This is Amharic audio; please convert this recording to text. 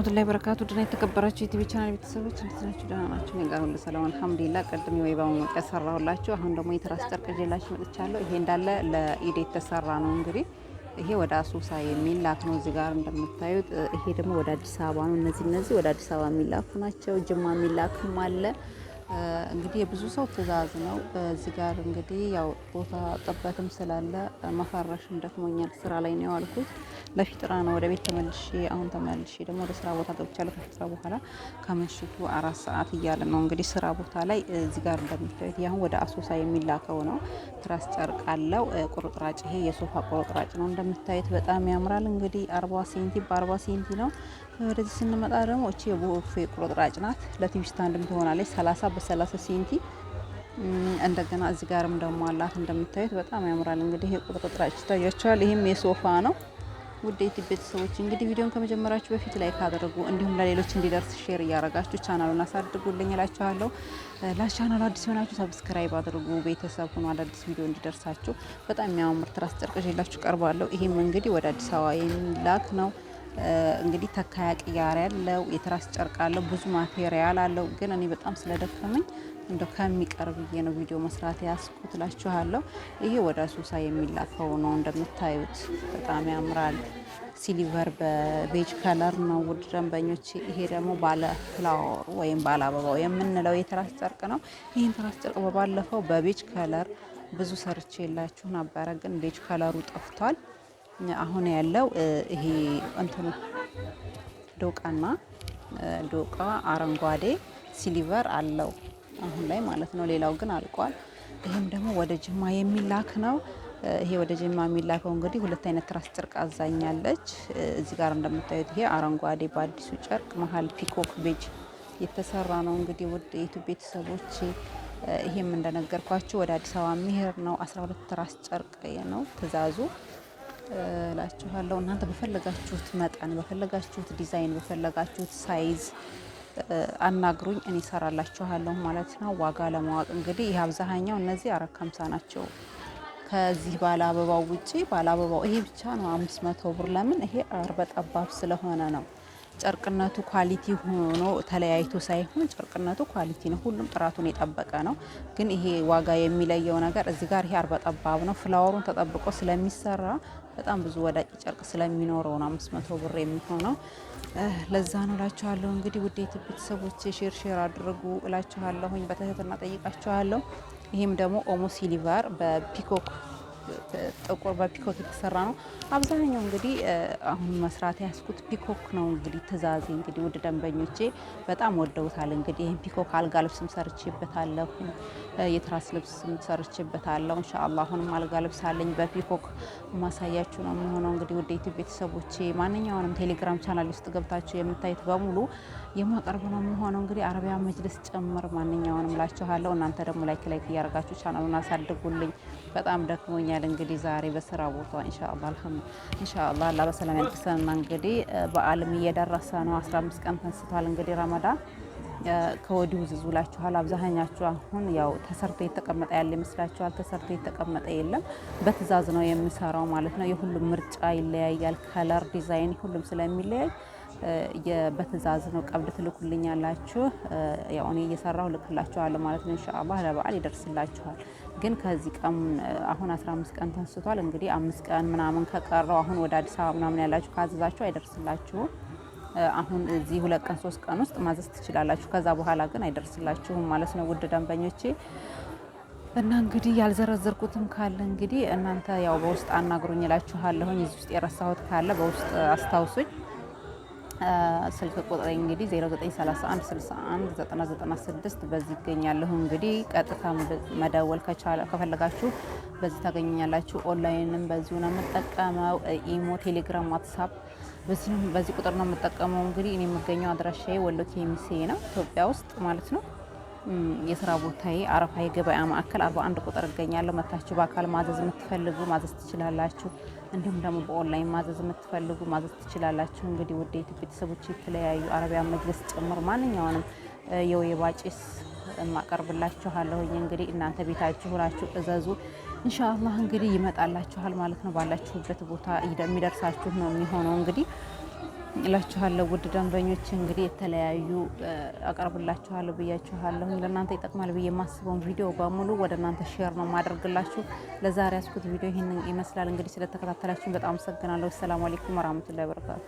ወራህመቱላሂ በረካቱ ድና የተከበራችሁ የቲቪ ቻናል ቤተሰቦች እንዴት ናችሁ? ደህና ናችሁ? እኔ ጋር ሁሉ ሰላም አልሐምዱሊላህ። ቅድም የወይባ መሞቂያ ሰራሁላችሁ። አሁን ደግሞ የትራስ ጨርቅ ይዤላችሁ መጥቻለሁ። ይሄ እንዳለ ለኢድ የተሰራ ነው። እንግዲህ ይሄ ወደ አሶሳ የሚላክ ነው። እዚህ ጋር እንደምታዩት ይሄ ደግሞ ወደ አዲስ አበባ ነው። እነዚህ እነዚህ ወደ አዲስ አበባ የሚላኩ ናቸው። ጅማ የሚላክም አለ እንግዲህ የብዙ ሰው ትዕዛዝ ነው። እዚህ ጋር እንግዲህ ያው ቦታ ጥበትም ስላለ መፈረሽም ደክሞኛል። ስራ ላይ ነው ያልኩት። ለፊጥራ ነው ወደ ቤት ተመልሼ አሁን ተመልሼ ደግሞ ወደ ስራ ቦታ ገብቻለሁ። ከፊጥራ በኋላ ከምሽቱ አራት ሰዓት እያለ ነው እንግዲህ ስራ ቦታ ላይ እዚህ ጋር እንደምታዩት ያሁን ወደ አሶሳ የሚላከው ነው። ትራስ ጨርቅ አለው ቁርጥራጭ። ይሄ የሶፋ ቁርጥራጭ ነው እንደምታዩት በጣም ያምራል። እንግዲህ አርባ ሴንቲ በአርባ ሴንቲ ነው። ወደዚህ ስንመጣ ደግሞ እቺ የቡፌ ቁርጥራጭ ናት። ለቲቪ ስታንድም ትሆናለች ሰላሳ ሰላሰ ሴንቲ እንደገና እዚህ ጋርም ደግሞ አላት እንደምታዩት በጣም ያምራል። እንግዲህ ቁጥርጥራችሁ ታያችኋል። ይህም የሶፋ ነው። ውድ የዩቲዩብ ቤተሰቦች እንግዲህ ቪዲዮን ከመጀመራችሁ በፊት ላይክ አድርጉ፣ እንዲሁም ለሌሎች እንዲደርስ ሼር እያረጋችሁ ቻናሉን አሳድጉልኝ እላችኋለሁ። ለቻናሉ አዲስ የሆናችሁ ሰብስክራይብ አድርጉ፣ ቤተሰብ ሆኖ አዳዲስ ቪዲዮ እንዲደርሳችሁ። በጣም የሚያምር ትራስ ጨርቅ ይዤላችሁ ቀርባለሁ። ይህም እንግዲህ ወደ አዲስ አበባ የሚላክ ነው። እንግዲህ ተካያ ቅያሬ ያለው የትራስ ጨርቅ አለው ብዙ ማቴሪያል አለው። ግን እኔ በጣም ስለደከመኝ እንደ ከሚቀርብ ብዬ ነው ቪዲዮ መስራት ያስኩት ላችኋለሁ። ይሄ ወደ ሱሳ የሚላከው ነው እንደምታዩት በጣም ያምራል። ሲሊቨር በቤጅ ከለር ነው ውድ ደንበኞች። ይሄ ደግሞ ባለ ፍላወር ወይም ባለ አበባው የምንለው የትራስ ጨርቅ ነው። ይህን ትራስ ጨርቅ በባለፈው በቤጅ ከለር ብዙ ሰርቼ የላችሁ ነበረ፣ ግን ቤጅ ከለሩ ጠፍቷል። አሁን ያለው ይሄ እንትኑ ዶቃና ዶቃ አረንጓዴ ሲሊቨር አለው አሁን ላይ ማለት ነው። ሌላው ግን አልቋል። ይህም ደግሞ ወደ ጅማ የሚላክ ነው። ይሄ ወደ ጅማ የሚላከው እንግዲህ ሁለት አይነት ትራስ ጨርቅ አዛኛለች። እዚህ ጋር እንደምታዩት ይሄ አረንጓዴ በአዲሱ ጨርቅ መሀል ፒኮክ ቤጅ የተሰራ ነው። እንግዲህ ውድ የኢትዮ ቤተሰቦች ይሄም እንደነገርኳችሁ ወደ አዲስ አበባ የሚሄድ ነው። 12 ትራስ ጨርቅ ነው ትዛዙ። እላችኋለሁ። እናንተ በፈለጋችሁት መጠን፣ በፈለጋችሁት ዲዛይን፣ በፈለጋችሁት ሳይዝ አናግሩኝ እኔ ሰራላችኋለሁ ማለት ነው። ዋጋ ለማወቅ እንግዲህ ይህ አብዛኛው እነዚህ አራት ከምሳ ናቸው። ከዚህ ባለ አበባው ውጪ ባለ አበባው ይሄ ብቻ ነው አምስት መቶ ብር። ለምን ይሄ አርበ ጠባብ ስለሆነ ነው። ጨርቅነቱ ኳሊቲ ሆኖ ተለያይቶ ሳይሆን ጨርቅነቱ ኳሊቲ ነው። ሁሉም ጥራቱን የጠበቀ ነው። ግን ይሄ ዋጋ የሚለየው ነገር እዚህ ጋር ይሄ አርባ ጠባብ ነው። ፍላወሩን ተጠብቆ ስለሚሰራ በጣም ብዙ ወዳቂ ጨርቅ ስለሚኖረው ነው አምስት መቶ ብር የሚሆነው። ለዛ ነው እላችኋለሁ። እንግዲህ ውዴት ቤተሰቦች ሼር ሼር አድርጉ እላችኋለሁኝ። በትህትና ጠይቃችኋለሁ። ይህም ደግሞ ኦሞ ሲሊቫር በፒኮክ ጥቁር በፒኮክ የተሰራ ነው። አብዛኛው እንግዲህ አሁን መስራት ያስኩት ፒኮክ ነው። እንግዲህ ትእዛዜ እንግዲህ ውድ ደንበኞቼ በጣም ወደውታል። እንግዲህ ይህን ፒኮክ አልጋ ልብስም ሰርቼበታለሁ፣ የትራስ ልብስም ሰርቼበታለሁ። እንሻላ አሁንም አልጋ ልብስ አለኝ በፒኮክ ማሳያችሁ ነው የሚሆነው። እንግዲህ ውድ ዩቲዩብ ቤተሰቦቼ ማንኛውንም ቴሌግራም ቻናል ውስጥ ገብታችሁ የምታዩት በሙሉ የማቀርብ ነው የሚሆነው። እንግዲህ አረቢያ መጅልስ ጭምር ማንኛውንም ላችኋለሁ። እናንተ ደግሞ ላይክ ላይክ እያደረጋችሁ ቻናሉን አሳድጉልኝ። በጣም ደክሞኛል። ብለውኛል። እንግዲህ ዛሬ በስራ ቦታ ኢንሻአላህ አላህ በሰላም ያድርሰንና እንግዲህ በዓልም እየደረሰ ነው። 15 ቀን ተንስቷል። እንግዲህ ረመዳን ከወዲሁ ዝዙላችኋል። አብዛኛችሁ አሁን ያው ተሰርቶ የተቀመጠ ያለ ይመስላችኋል። ተሰርቶ የተቀመጠ የለም። በትእዛዝ ነው የሚሰራው ማለት ነው። የሁሉም ምርጫ ይለያያል። ከለር ዲዛይን፣ ሁሉም ስለሚለያይ በትእዛዝ ነው ቀብድ ትልኩልኛላችሁ። ያው እኔ እየሰራሁ ልክላችኋለሁ ማለት ነው። ኢንሻአላህ ለበዓል ይደርስላችኋል። ግን ከዚህ ቀን አሁን 15 ቀን ተንስቷል። እንግዲህ አምስት ቀን ምናምን ከቀረው አሁን ወደ አዲስ አበባ ምናምን ያላችሁ ካዘዛችሁ አይደርስላችሁም። አሁን እዚህ ሁለት ቀን ሶስት ቀን ውስጥ ማዘዝ ትችላላችሁ። ከዛ በኋላ ግን አይደርስላችሁም ማለት ነው ውድ ደንበኞቼ። እና እንግዲህ ያልዘረዘርኩትም ካለ እንግዲህ እናንተ ያው በውስጥ አናግሩኝ እላችኋለሁኝ። እዚህ ውስጥ የረሳሁት ካለ በውስጥ አስታውሱኝ። ስልክ ቁጥሬ እንግዲህ 0931619096 በዚህ ይገኛለሁ። እንግዲህ ቀጥታ መደወል ከፈለጋችሁ በዚህ ታገኛላችሁ። ኦንላይንም በዚሁ ነው የምጠቀመው። ኢሞ፣ ቴሌግራም፣ ዋትሳፕ በዚህ ቁጥር ነው የምጠቀመው። እንግዲህ እኔ የምገኘው አድራሻዬ ወሎ ኬሚሴ ነው፣ ኢትዮጵያ ውስጥ ማለት ነው። የስራ ቦታዬ አረፋ የገበያ ማዕከል 41 ቁጥር እገኛለሁ። መታችሁ በአካል ማዘዝ የምትፈልጉ ማዘዝ ትችላላችሁ። እንዲሁም ደግሞ በኦንላይን ማዘዝ የምትፈልጉ ማዘዝ ትችላላችሁ። እንግዲህ ወደ ኢትዮጵያ ቤተሰቦች የተለያዩ አረቢያ መጅልስ ጭምር ማንኛውንም የወይባ ጭስ ማቀርብላችኋለሁኝ። እንግዲህ እናንተ ቤታችሁ ሁላችሁ እዘዙ። ኢንሻአላህ እንግዲህ ይመጣላችኋል ማለት ነው። ባላችሁበት ቦታ የሚደርሳችሁ ነው የሚሆነው እንግዲህ እላችኋለሁ ውድ ደንበኞች እንግዲህ የተለያዩ አቀርብላችኋለሁ ብያችኋለሁ። ለእናንተ ይጠቅማል ብዬ የማስበውን ቪዲዮ በሙሉ ወደ እናንተ ሼር ነው ማደርግላችሁ። ለዛሬ ያስኩት ቪዲዮ ይህን ይመስላል። እንግዲህ ስለተከታተላችሁ በጣም አመሰግናለሁ። ሰላም አሌይኩም ወራህመቱላሂ ወበረካቱ